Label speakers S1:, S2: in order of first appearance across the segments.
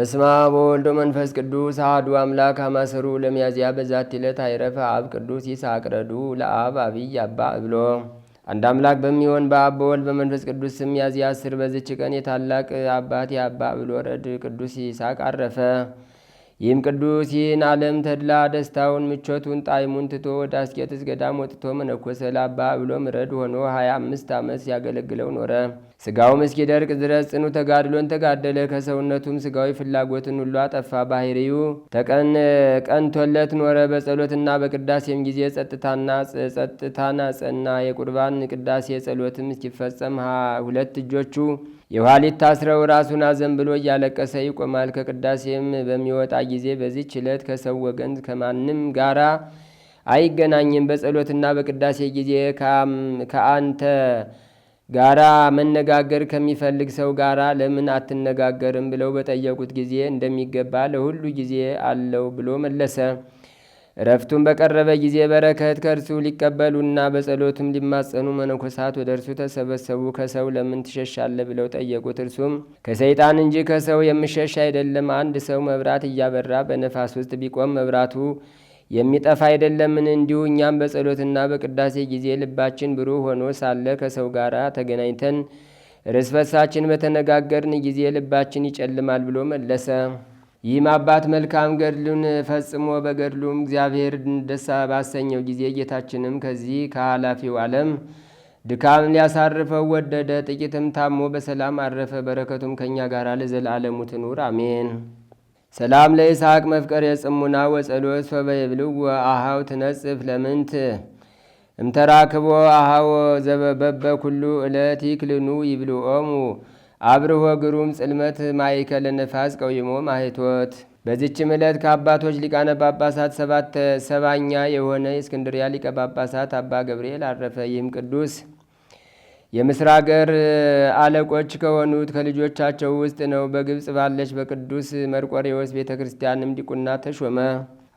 S1: በስማ በወልዶ መንፈስ ቅዱስ አህዱ አምላክ አማሰሩ ለሚያዝያ በዛት ዕለት አይረፈ አብ ቅዱስ ይስሐቅ ረዱ ለአብ አብይ አባ ብሎ አንድ አምላክ በሚሆን በአብ በወልድ በመንፈስ ቅዱስ ስም ሚያዝያ አስር በዝች ቀን የታላቅ አባት የአባ ብሎ ረድ ቅዱስ ይስሐቅ አረፈ። ይህም ቅዱስ ይህን ዓለም ተድላ ደስታውን፣ ምቾቱን፣ ጣይሙን ትቶ ወደ አስቄጥስ ገዳም ወጥቶ መነኮሰ። ለአባ ብሎ ምረድ ሆኖ ሀያ አምስት ዓመት ሲያገለግለው ኖረ። ስጋውም እስኪደርቅ ድረስ ጽኑ ተጋድሎን ተጋደለ። ከሰውነቱም ስጋዊ ፍላጎትን ሁሉ አጠፋ። ባህሪው ተቀን ቀንቶለት ኖረ። በጸሎትና በቅዳሴም ጊዜ ጸጥታና ጸጥታና አጸና። የቁርባን ቅዳሴ ጸሎትም እስኪፈጸም ሁለት እጆቹ የኋሊት ታስረው ራሱን አዘን ብሎ እያለቀሰ ይቆማል። ከቅዳሴም በሚወጣ ጊዜ በዚች ዕለት ከሰው ወገን ከማንም ጋራ አይገናኝም። በጸሎትና በቅዳሴ ጊዜ ከአንተ ጋራ መነጋገር ከሚፈልግ ሰው ጋራ ለምን አትነጋገርም ብለው በጠየቁት ጊዜ እንደሚገባ ለሁሉ ጊዜ አለው ብሎ መለሰ። እረፍቱም በቀረበ ጊዜ በረከት ከእርሱ ሊቀበሉና በጸሎትም ሊማጸኑ መነኮሳት ወደ እርሱ ተሰበሰቡ። ከሰው ለምን ትሸሻለ ብለው ጠየቁት። እርሱም ከሰይጣን እንጂ ከሰው የምሸሽ አይደለም። አንድ ሰው መብራት እያበራ በነፋስ ውስጥ ቢቆም መብራቱ የሚጠፋ አይደለምን? እንዲሁ እኛም በጸሎትና በቅዳሴ ጊዜ ልባችን ብሩህ ሆኖ ሳለ ከሰው ጋር ተገናኝተን እርስ በተነጋገርን ጊዜ ልባችን ይጨልማል ብሎ መለሰ። ይህም አባት መልካም ገድሉን ፈጽሞ በገድሉም እግዚአብሔር ደስታ ባሰኘው ጊዜ ጌታችንም ከዚህ ከኃላፊው ዓለም ድካም ሊያሳርፈው ወደደ። ጥቂትም ታሞ በሰላም አረፈ። በረከቱም ከእኛ ጋር ለዘላለሙ ትኑር አሜን። ሰላም ለይስሐቅ መፍቀር የጽሙና ወጸሎት ፈበየብልው አሃው ትነጽፍ ለምንት እምተራክቦ አሃዎ ዘበበበ ኩሉ እለት ይክልኑ ይብልኦሙ አብርሆ ግሩም ጽልመት ማይከል ነፋስ ቀውይሞ ማህቶት በዚችም ዕለት ከአባቶች ሊቃነ ጳጳሳት ሰባት ሰባኛ የሆነ የእስክንድሪያ ሊቀ ጳጳሳት አባ ገብርኤል አረፈ። ይህም ቅዱስ የምስር አገር አለቆች ከሆኑት ከልጆቻቸው ውስጥ ነው። በግብፅ ባለች በቅዱስ መርቆሬዎስ ቤተ ክርስቲያንም ዲቁና ተሾመ።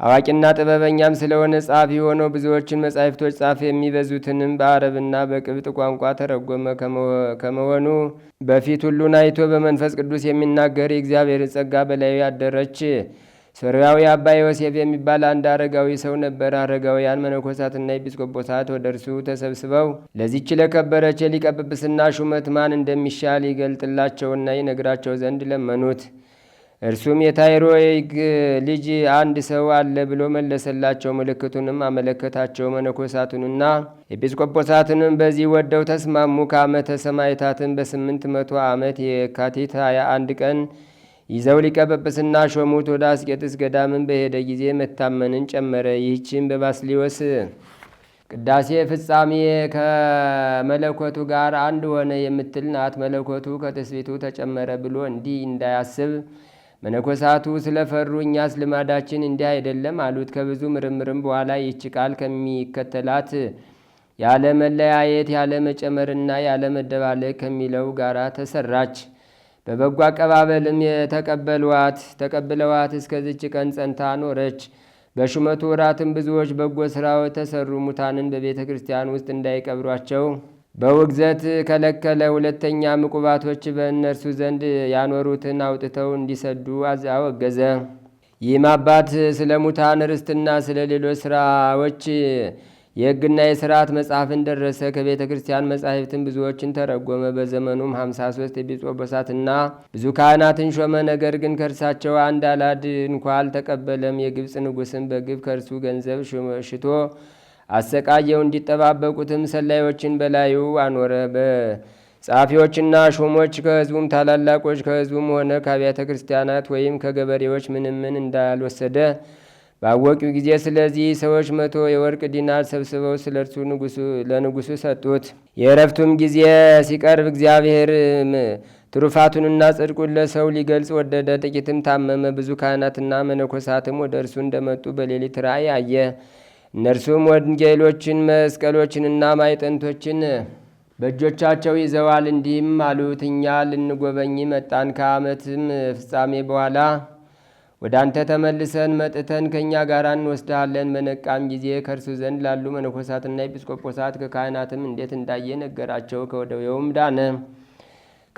S1: አዋቂና ጥበበኛም ስለሆነ ጻፊ ሆኖ ብዙዎችን መጻሕፍቶች ጻፈ። የሚበዙትንም በአረብና በቅብጥ ቋንቋ ተረጎመ። ከመሆኑ በፊት ሁሉን አይቶ በመንፈስ ቅዱስ የሚናገር የእግዚአብሔር ጸጋ በላዩ ያደረች። ሶርያዊ አባ ዮሴፍ የሚባል አንድ አረጋዊ ሰው ነበር። አረጋውያን መነኮሳትና ኤጲስቆጶሳት ወደ እርሱ ተሰብስበው ለዚች ለከበረች የሊቀ ጵጵስና ሹመት ማን እንደሚሻል ይገልጥላቸውና ይነግራቸው ዘንድ ለመኑት። እርሱም የታይሮይግ ልጅ አንድ ሰው አለ ብሎ መለሰላቸው። ምልክቱንም አመለከታቸው። መነኮሳቱንና ኤጲስቆጶሳትንም በዚህ ወደው ተስማሙ። ከአመተ ሰማይታትን በስምንት መቶ ዓመት የካቲት 21 ቀን ይዘው ሊቀ ሾሙት። ወደ አስቄጥስ ገዳምን በሄደ ጊዜ መታመንን ጨመረ። ይህችን በባስሊዮስ ቅዳሴ ፍጻሜ ከመለኮቱ ጋር አንድ ሆነ የምትል ናት። መለኮቱ ከትስቢቱ ተጨመረ ብሎ እንዲህ እንዳያስብ መነኮሳቱ ስለፈሩ እኛስ ልማዳችን እንዲህ አይደለም አሉት። ከብዙ ምርምርም በኋላ ይህች ቃል ከሚከተላት ያለ መለያየት ያለ መጨመርና ያለ መደባለቅ ከሚለው ጋራ ተሰራች። በበጎ አቀባበልም የተቀበሏት ተቀብለዋት እስከዚች ቀን ጸንታ ኖረች። በሹመቱ ወራትም ብዙዎች በጎ ስራዎች ተሰሩ። ሙታንን በቤተ ክርስቲያን ውስጥ እንዳይቀብሯቸው በውግዘት ከለከለ። ሁለተኛ ምቁባቶች በእነርሱ ዘንድ ያኖሩትን አውጥተው እንዲሰዱ አወገዘ። ይህም አባት ስለ ሙታን ርስትና ስለ ሌሎች ስራዎች የሕግና የስርዓት መጽሐፍን ደረሰ። ከቤተ ክርስቲያን መጻሕፍትን ብዙዎችን ተረጎመ። በዘመኑም 53 የቢጽ ብዙ ካህናትን ሾመ። ነገር ግን ከእርሳቸው አንድ አላድ እንኳ አልተቀበለም። የግብፅ ንጉሥን በግብ ከእርሱ ገንዘብ ሽቶ አሰቃየው። እንዲጠባበቁትም ሰላዮችን በላዩ አኖረ። ጸሐፊዎችና ሹሞች ከህዝቡም ታላላቆች ከህዝቡም ሆነ ከአብያተ ክርስቲያናት ወይም ከገበሬዎች ምንም ምን እንዳልወሰደ ባወቂው ጊዜ ስለዚህ ሰዎች መቶ የወርቅ ዲናር ሰብስበው ስለ እርሱ ለንጉሱ ሰጡት። የእረፍቱም ጊዜ ሲቀርብ እግዚአብሔር ትሩፋቱንና ጽድቁን ለሰው ሊገልጽ ወደደ። ጥቂትም ታመመ። ብዙ ካህናትና መነኮሳትም ወደ እርሱ እንደመጡ በሌሊት ራእይ አየ። እነርሱም ወንጌሎችን መስቀሎችንና ማይጠንቶችን በእጆቻቸው ይዘዋል። እንዲህም አሉት፣ እኛ ልንጎበኝ መጣን። ከዓመትም ፍጻሜ በኋላ ወደ አንተ ተመልሰን መጥተን ከእኛ ጋር እንወስድሃለን። በነቃም ጊዜ ከእርሱ ዘንድ ላሉ መነኮሳትና ኤጲስቆጶሳት ከካህናትም እንዴት እንዳየ ነገራቸው። ከወደውየውም ዳነ።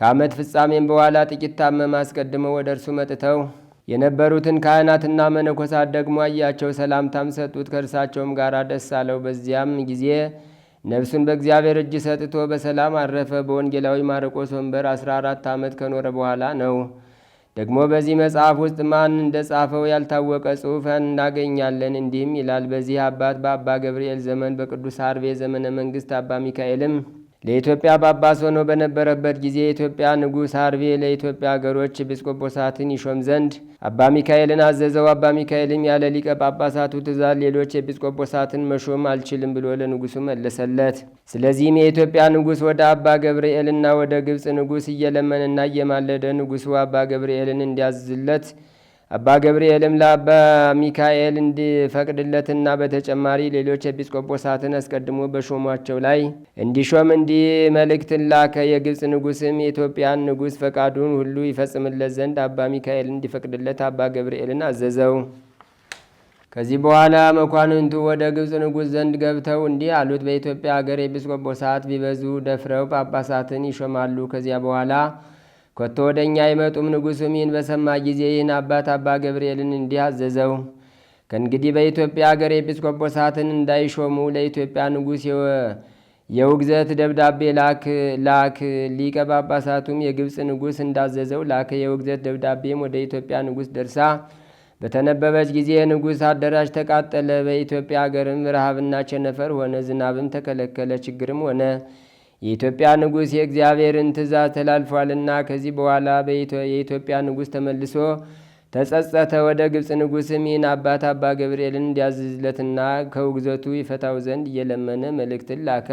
S1: ከዓመት ፍጻሜም በኋላ ጥቂት ታመማ አስቀድመው ወደ እርሱ መጥተው የነበሩትን ካህናትና መነኮሳት ደግሞ አያቸው፣ ሰላምታም ሰጡት። ከእርሳቸውም ጋር ደስ አለው። በዚያም ጊዜ ነፍሱን በእግዚአብሔር እጅ ሰጥቶ በሰላም አረፈ። በወንጌላዊ ማርቆስ ወንበር 14 ዓመት ከኖረ በኋላ ነው። ደግሞ በዚህ መጽሐፍ ውስጥ ማን እንደ ጻፈው ያልታወቀ ጽሑፍ እናገኛለን። እንዲህም ይላል። በዚህ አባት በአባ ገብርኤል ዘመን በቅዱስ አርቤ ዘመነ መንግሥት አባ ሚካኤልም ለኢትዮጵያ ጳጳስ ሆኖ በነበረበት ጊዜ የኢትዮጵያ ንጉሥ አርቤ ለኢትዮጵያ አገሮች ኤጲስቆጶሳትን ይሾም ዘንድ አባ ሚካኤልን አዘዘው። አባ ሚካኤልም ያለ ሊቀ ጳጳሳቱ ትእዛዝ ሌሎች ኤጲስቆጶሳትን መሾም አልችልም ብሎ ለንጉሡ መለሰለት። ስለዚህም የኢትዮጵያ ንጉሥ ወደ አባ ገብርኤልና ወደ ግብፅ ንጉሥ እየለመነና እየማለደ ንጉሡ አባ ገብርኤልን እንዲያዝለት አባ ገብርኤልም ለአባ ሚካኤል እንዲፈቅድለትና በተጨማሪ ሌሎች ኤጲስቆጶሳትን አስቀድሞ በሾሟቸው ላይ እንዲሾም እንዲህ መልእክትን ላከ። የግብፅ ንጉስም የኢትዮጵያን ንጉሥ ፈቃዱን ሁሉ ይፈጽምለት ዘንድ አባ ሚካኤል እንዲፈቅድለት አባ ገብርኤልን አዘዘው። ከዚህ በኋላ መኳንንቱ ወደ ግብፅ ንጉሥ ዘንድ ገብተው እንዲህ አሉት። በኢትዮጵያ አገር ኤጲስቆጶሳት ቢበዙ ደፍረው ጳጳሳትን ይሾማሉ። ከዚያ በኋላ ከቶ ወደ እኛ አይመጡም። ንጉሡም ይህን በሰማ ጊዜ ይህን አባት አባ ገብርኤልን እንዲህ አዘዘው። ከእንግዲህ በኢትዮጵያ አገር ኤጲስቆጶሳትን እንዳይሾሙ ለኢትዮጵያ ንጉሥ የውግዘት ደብዳቤ ላክ ላክ። ሊቀ ጳጳሳቱም የግብፅ ንጉሥ እንዳዘዘው ላከ። የውግዘት ደብዳቤም ወደ ኢትዮጵያ ንጉሥ ደርሳ በተነበበች ጊዜ የንጉሥ አዳራሽ ተቃጠለ። በኢትዮጵያ አገርም ረሃብና ቸነፈር ሆነ። ዝናብም ተከለከለ። ችግርም ሆነ። የኢትዮጵያ ንጉሥ የእግዚአብሔርን ትእዛዝ ተላልፏልና ከዚህ በኋላ የኢትዮጵያ ንጉሥ ተመልሶ ተጸጸተ። ወደ ግብፅ ንጉሥም ይህን አባት አባ ገብርኤልን እንዲያዝዝለትና ከውግዘቱ ይፈታው ዘንድ እየለመነ መልእክትን ላከ።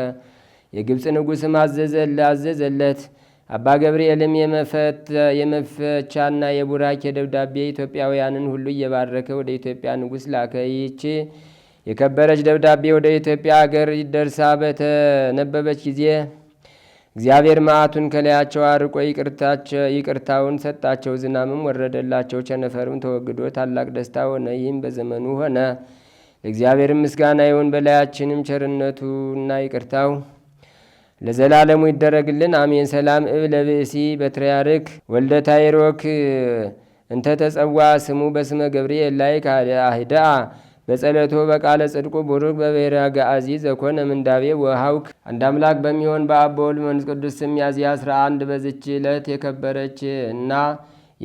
S1: የግብፅ ንጉሥም አዘዘለት። አባ ገብርኤልም የመፈቻና የቡራኬ ደብዳቤ ኢትዮጵያውያንን ሁሉ እየባረከ ወደ ኢትዮጵያ ንጉሥ ላከ። ይህች የከበረች ደብዳቤ ወደ ኢትዮጵያ አገር ይደርሳ በተነበበች ጊዜ እግዚአብሔር መዓቱን ከላያቸው አርቆ ይቅርታውን ሰጣቸው። ዝናምም ወረደላቸው፣ ቸነፈርም ተወግዶ ታላቅ ደስታ ሆነ። ይህም በዘመኑ ሆነ። ለእግዚአብሔር ምስጋና ይሁን፣ በላያችንም ቸርነቱና ይቅርታው ለዘላለሙ ይደረግልን፣ አሜን። ሰላም እብ ለብእሲ በትርያርክ ወልደ ታይሮክ እንተ ተጸዋ ስሙ በስመ ገብርኤል ላይ አህደአ በጸለቶ በቃለ ጽድቁ ቡሩክ በብሔረ ገአዚ ዘኮነ ምንዳቤ ወሃውክ። አንድ አምላክ በሚሆን በአብ በወልድ በመንፈስ ቅዱስ ስም ሚያዝያ 11 በዝች ዕለት የከበረች እና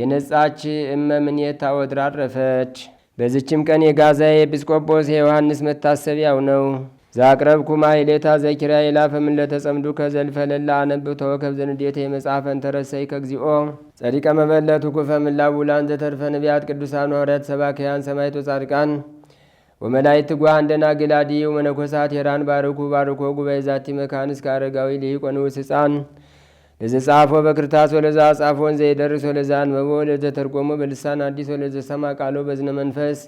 S1: የነጻች እመምኔት ታወድራ አረፈች። በዝችም ቀን የጋዛ የኤጲስቆጶስ የዮሐንስ መታሰቢያው ነው። ዛቅረብኩ ማሕሌታ ዘኪራ የላፈምን ለተጸምዱ ከዘልፈለላ አነብብ ተወከብ ዘንዴተ የመጽሐፈን ተረሰይ ከግዚኦ ጸዲቀ መበለቱ ኩፈምላ ውላን ዘተርፈ ነቢያት ቅዱሳን ሐዋርያት ሰባክያን ሰማይቶ ጻድቃን ወመላይት ጓሃን ደናግል አድኅዉ ወመነኮሳት ሄራን ባርኩ ባርኮ ጉባኤ ዛቲ መካን እስከ አረጋዊ ሊቆን ውስ ሕፃን ለዘጻፎ በክርታስ ወለዛ ጻፎን ዘይደርስ ወለዛ አንበቦ ለዘተርጎሞ በልሳን አዲስ ወለዘሰማ ቃሎ በዝነ መንፈስ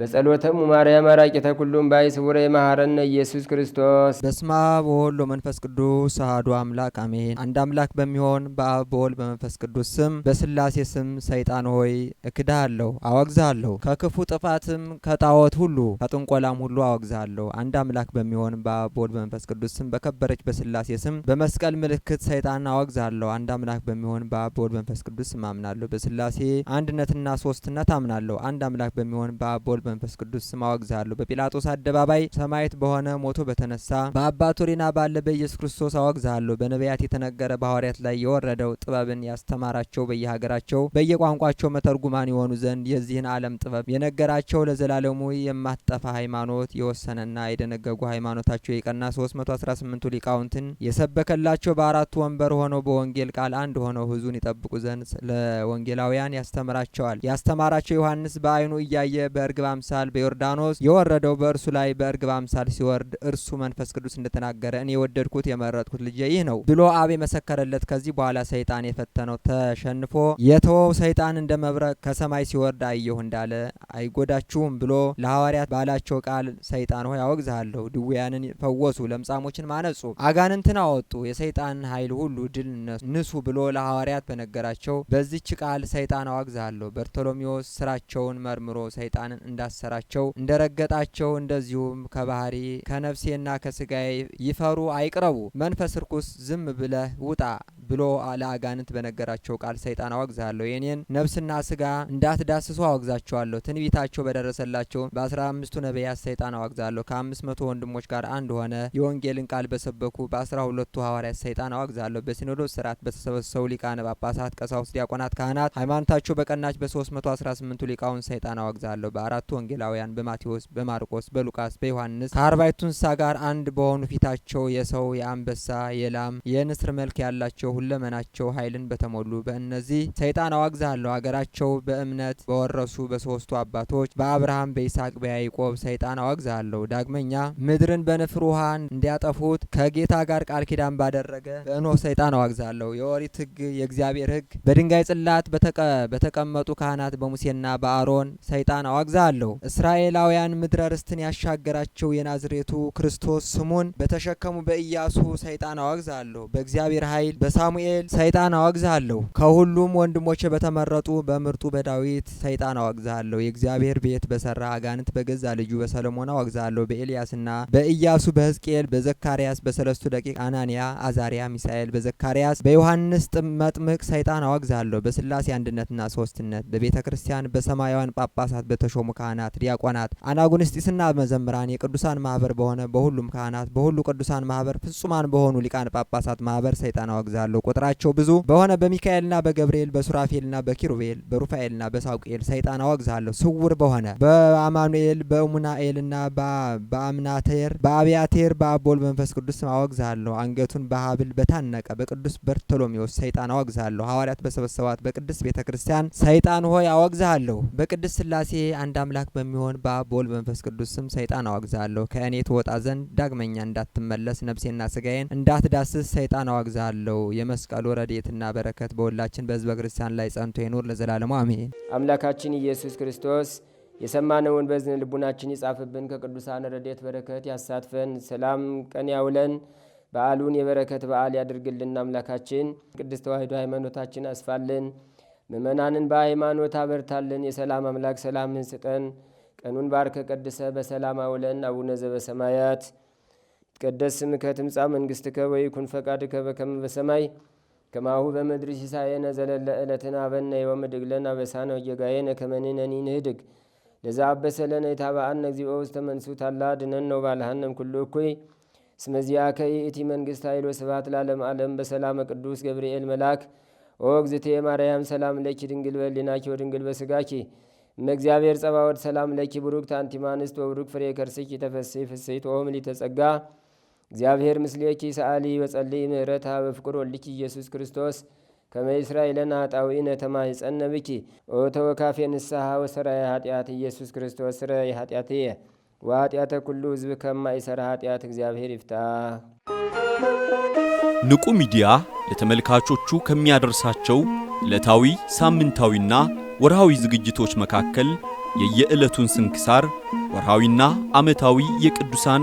S1: በጸሎተሙ ማርያም አራቂ ተኩሉም ባይ ስውረ የማሐረነ ኢየሱስ ክርስቶስ። በስመ አብ ወወልድ ወመንፈስ ቅዱስ አሐዱ አምላክ አሜን። አንድ አምላክ በሚሆን በአብ በወልድ በመንፈስ ቅዱስ ስም በስላሴ ስም ሰይጣን ሆይ እክድሃለሁ፣ አወግዝሃለሁ፣ ከክፉ ጥፋትም ከጣዖት ሁሉ ከጥንቆላም ሁሉ አወግዝሃለሁ። አንድ አምላክ በሚሆን በአብ በወልድ በመንፈስ ቅዱስ ስም በከበረች በስላሴ ስም በመስቀል ምልክት ሰይጣን አወግዝሃለሁ። አንድ አምላክ በሚሆን በአብ በወልድ በመንፈስ ቅዱስ ስም አምናለሁ። በስላሴ አንድነትና ሶስትነት አምናለሁ። አንድ አምላክ በሚሆን በአብ በወልድ በመንፈስ ቅዱስ ስም አወግዝሃለሁ። በጲላጦስ አደባባይ ሰማዕት በሆነ ሞቶ በተነሳ በአባቱ ሪና ባለ በኢየሱስ ክርስቶስ አወግዝሃለሁ። በነቢያት የተነገረ በሐዋርያት ላይ የወረደው ጥበብን ያስተማራቸው በየሀገራቸው በየቋንቋቸው መተርጉማን የሆኑ ዘንድ የዚህን ዓለም ጥበብ የነገራቸው ለዘላለሙ የማትጠፋ ሃይማኖት የወሰነና የደነገጉ ሃይማኖታቸው የቀና 318ቱ ሊቃውንትን የሰበከላቸው በአራቱ ወንበር ሆነው በወንጌል ቃል አንድ ሆነው ህዙን ይጠብቁ ዘንድ ለወንጌላውያን ያስተምራቸዋል። ያስተማራቸው ዮሐንስ በአይኑ እያየ በእርግባ አምሳል በዮርዳኖስ የወረደው በእርሱ ላይ በእርግብ አምሳል ሲወርድ እርሱ መንፈስ ቅዱስ እንደተናገረ እኔ የወደድኩት የመረጥኩት ልጄ ይህ ነው ብሎ አብ የመሰከረለት። ከዚህ በኋላ ሰይጣን የፈተነው ተሸንፎ የተወው ሰይጣን እንደ መብረቅ ከሰማይ ሲወርድ አየሁ እንዳለ አይጎዳችሁም ብሎ ለሐዋርያት ባላቸው ቃል ሰይጣን ሆይ አወግዝሃለሁ፣ ድውያንን ፈወሱ፣ ለምጻሞችን ማነጹ፣ አጋንንትን አወጡ፣ የሰይጣን ኃይል ሁሉ ድል ንሱ ብሎ ለሐዋርያት በነገራቸው በዚች ቃል ሰይጣን አወግዝሃለሁ። በርቶሎሚዎስ ስራቸውን መርምሮ ሰይጣንን እንዳሰራቸው እንደረገጣቸው እንደዚሁም ከባህሪ ከነፍሴና ከስጋዬ ይፈሩ አይቅረቡ። መንፈስ ርኩስ ዝም ብለህ ውጣ ብሎ ለአጋንንት በነገራቸው ቃል ሰይጣን አወግዛለሁ፣ የኔን ነፍስና ስጋ እንዳትዳስሱ አወግዛቸዋለሁ። ትንቢታቸው በደረሰላቸው በአስራ አምስቱ ነቢያት ሰይጣን አወግዛለሁ። ከአምስት መቶ ወንድሞች ጋር አንድ ሆነ የወንጌልን ቃል በሰበኩ በአስራ ሁለቱ ሐዋርያት ሰይጣን አወግዛለሁ። በሲኖዶስ ስርዓት በተሰበሰቡ ሊቃነ ጳጳሳት፣ ቀሳውስት፣ ዲያቆናት፣ ካህናት ሃይማኖታቸው በቀናች በሶስት መቶ አስራ ስምንቱ ሊቃውን ሰይጣን አወግዛለሁ። በአራቱ ወንጌላውያን በማቴዎስ፣ በማርቆስ፣ በሉቃስ፣ በዮሐንስ ከአርባይቱ እንስሳ ጋር አንድ በሆኑ ፊታቸው የሰው የአንበሳ የላም የንስር መልክ ያላቸው በሁለመናቸው ኃይልን በተሞሉ በእነዚህ ሰይጣን አዋግዛለሁ። አገራቸው በእምነት በወረሱ በሶስቱ አባቶች በአብርሃም በይስሐቅ በያዕቆብ ሰይጣን አዋግዛለሁ። ዳግመኛ ምድርን በንፍር ውሃ እንዲያጠፉት ከጌታ ጋር ቃል ኪዳን ባደረገ በእኖህ ሰይጣን አዋግዛለሁ። የኦሪት ሕግ የእግዚአብሔር ሕግ በድንጋይ ጽላት በተቀመጡ ካህናት በሙሴና በአሮን ሰይጣን አዋግዛለሁ። እስራኤላውያን ምድረ ርስትን ያሻገራቸው የናዝሬቱ ክርስቶስ ስሙን በተሸከሙ በኢያሱ ሰይጣን አዋግዛለሁ። በእግዚአብሔር ኃይል በሳ ሳሙኤል ሰይጣን አወግዝሃለሁ፣ ከሁሉም ወንድሞች በተመረጡ በምርጡ በዳዊት ሰይጣን አወግዝሃለሁ፣ የእግዚአብሔር ቤት በሰራ አጋንንት በገዛ ልጁ በሰለሞን አወግዝሃለሁ፣ በኤልያስና በኢያሱ በህዝቅኤል በዘካርያስ በሰለስቱ ደቂቅ አናንያ፣ አዛሪያ፣ ሚሳኤል በዘካርያስ በዮሐንስ መጥምቅ ሰይጣን አወግዝሃለሁ፣ በስላሴ አንድነትና ሶስትነት በቤተ ክርስቲያን በሰማያውያን ጳጳሳት በተሾሙ ካህናት፣ ዲያቆናት፣ አናጉንስጢስና መዘምራን የቅዱሳን ማህበር በሆነ በሁሉም ካህናት በሁሉ ቅዱሳን ማህበር ፍጹማን በሆኑ ሊቃን ጳጳሳት ማህበር ሰይጣን አወግዝሃለሁ። ቁጥራቸው ብዙ በሆነ በሚካኤልና በገብርኤል በሱራፌልና በኪሩቤል በሩፋኤልና በሳውቅኤል ሰይጣን አወግዛለሁ ስውር በሆነ በአማኑኤል በሙናኤልና በአምናቴር በአብያቴር በአቦል መንፈስ ቅዱስ አወግዛለሁ አንገቱን በሀብል በታነቀ በቅዱስ በርቶሎሜዎስ ሰይጣን አወግዛለሁ ሐዋርያት በሰበሰባት በቅድስት ቤተ ክርስቲያን ሰይጣን ሆይ አወግዛለሁ በቅድስት ስላሴ አንድ አምላክ በሚሆን በአቦል መንፈስ ቅዱስ ስም ሰይጣን አወግዛለሁ ከእኔ ትወጣ ዘንድ ዳግመኛ እንዳትመለስ ነፍሴና ስጋዬን እንዳትዳስስ ሰይጣን አወግዛለሁ የመስቀል ረድኤትና በረከት በሁላችን በህዝበ ክርስቲያን ላይ ጸንቶ ይኑር ለዘላለሙ አሜን። አምላካችን ኢየሱስ ክርስቶስ የሰማነውን በዝን ልቡናችን ይጻፍብን፣ ከቅዱሳን ረድኤት በረከት ያሳትፈን፣ ሰላም ቀን ያውለን፣ በዓሉን የበረከት በዓል ያድርግልን። አምላካችን ቅድስት ተዋሕዶ ሃይማኖታችን አስፋልን፣ ምእመናንን በሃይማኖት አበርታልን። የሰላም አምላክ ሰላምን ስጠን፣ ቀኑን ባርከ ቀድሰ በሰላም አውለን። አቡነ ዘበሰማያት ይትቀደስ ስምከ ትምጻእ መንግሥትከ ወይኩን ፈቃድከ በከመ በሰማይ ከማሁ በምድሪ ሲሳየነ ዘለለ ዕለትነ ሀበነ ዮም ወኅድግ ለነ አበሳነ ወጌጋየነ ከመ ንሕነኒ ንኅድግ ለዘአበሰ ለነ ኢታብአነ እግዚኦ ውስተ መንሱት አላ አድኅነነ ወባልሐነ እምኩሉ እኩይ እስመ ዚአከ ይእቲ መንግሥት ኃይል ወስብሐት ለዓለመ ዓለም በሰላመ ቅዱስ ገብርኤል መልአክ ኦ እግዝእትየ ማርያም ሰላም ለኪ ድንግል በሕሊናኪ ወድንግል በሥጋኪ እመእግዚአብሔር ጸባወት ሰላም ለኪ ቡሩክት አንቲ እምአንስት ወቡሩክ ፍሬ ከርስኪ ተፈሥሒ ፍሥሕት ኦ ምልዕተ ጸጋ እግዚአብሔር ምስሌኪ ሰአሊ በጸልይ ምህረታ በፍቅር ወልኪ ኢየሱስ ክርስቶስ ከመ እስራኤለን አጣዊነ ተማይጸነ ብኪ ኦ ንስሐ ወሰራ ኃጢአት ኢየሱስ ክርስቶስ የኃጢአት ኃጢአትየ ወኃጢአተ ኩሉ ሕዝብ ከማይሰራ ኃጢአት እግዚአብሔር ይፍታ።
S2: ንቁ ሚዲያ ለተመልካቾቹ ከሚያደርሳቸው ዕለታዊ ሳምንታዊና ወርሃዊ ዝግጅቶች መካከል የየዕለቱን ስንክሳር ወርሃዊና ዓመታዊ የቅዱሳን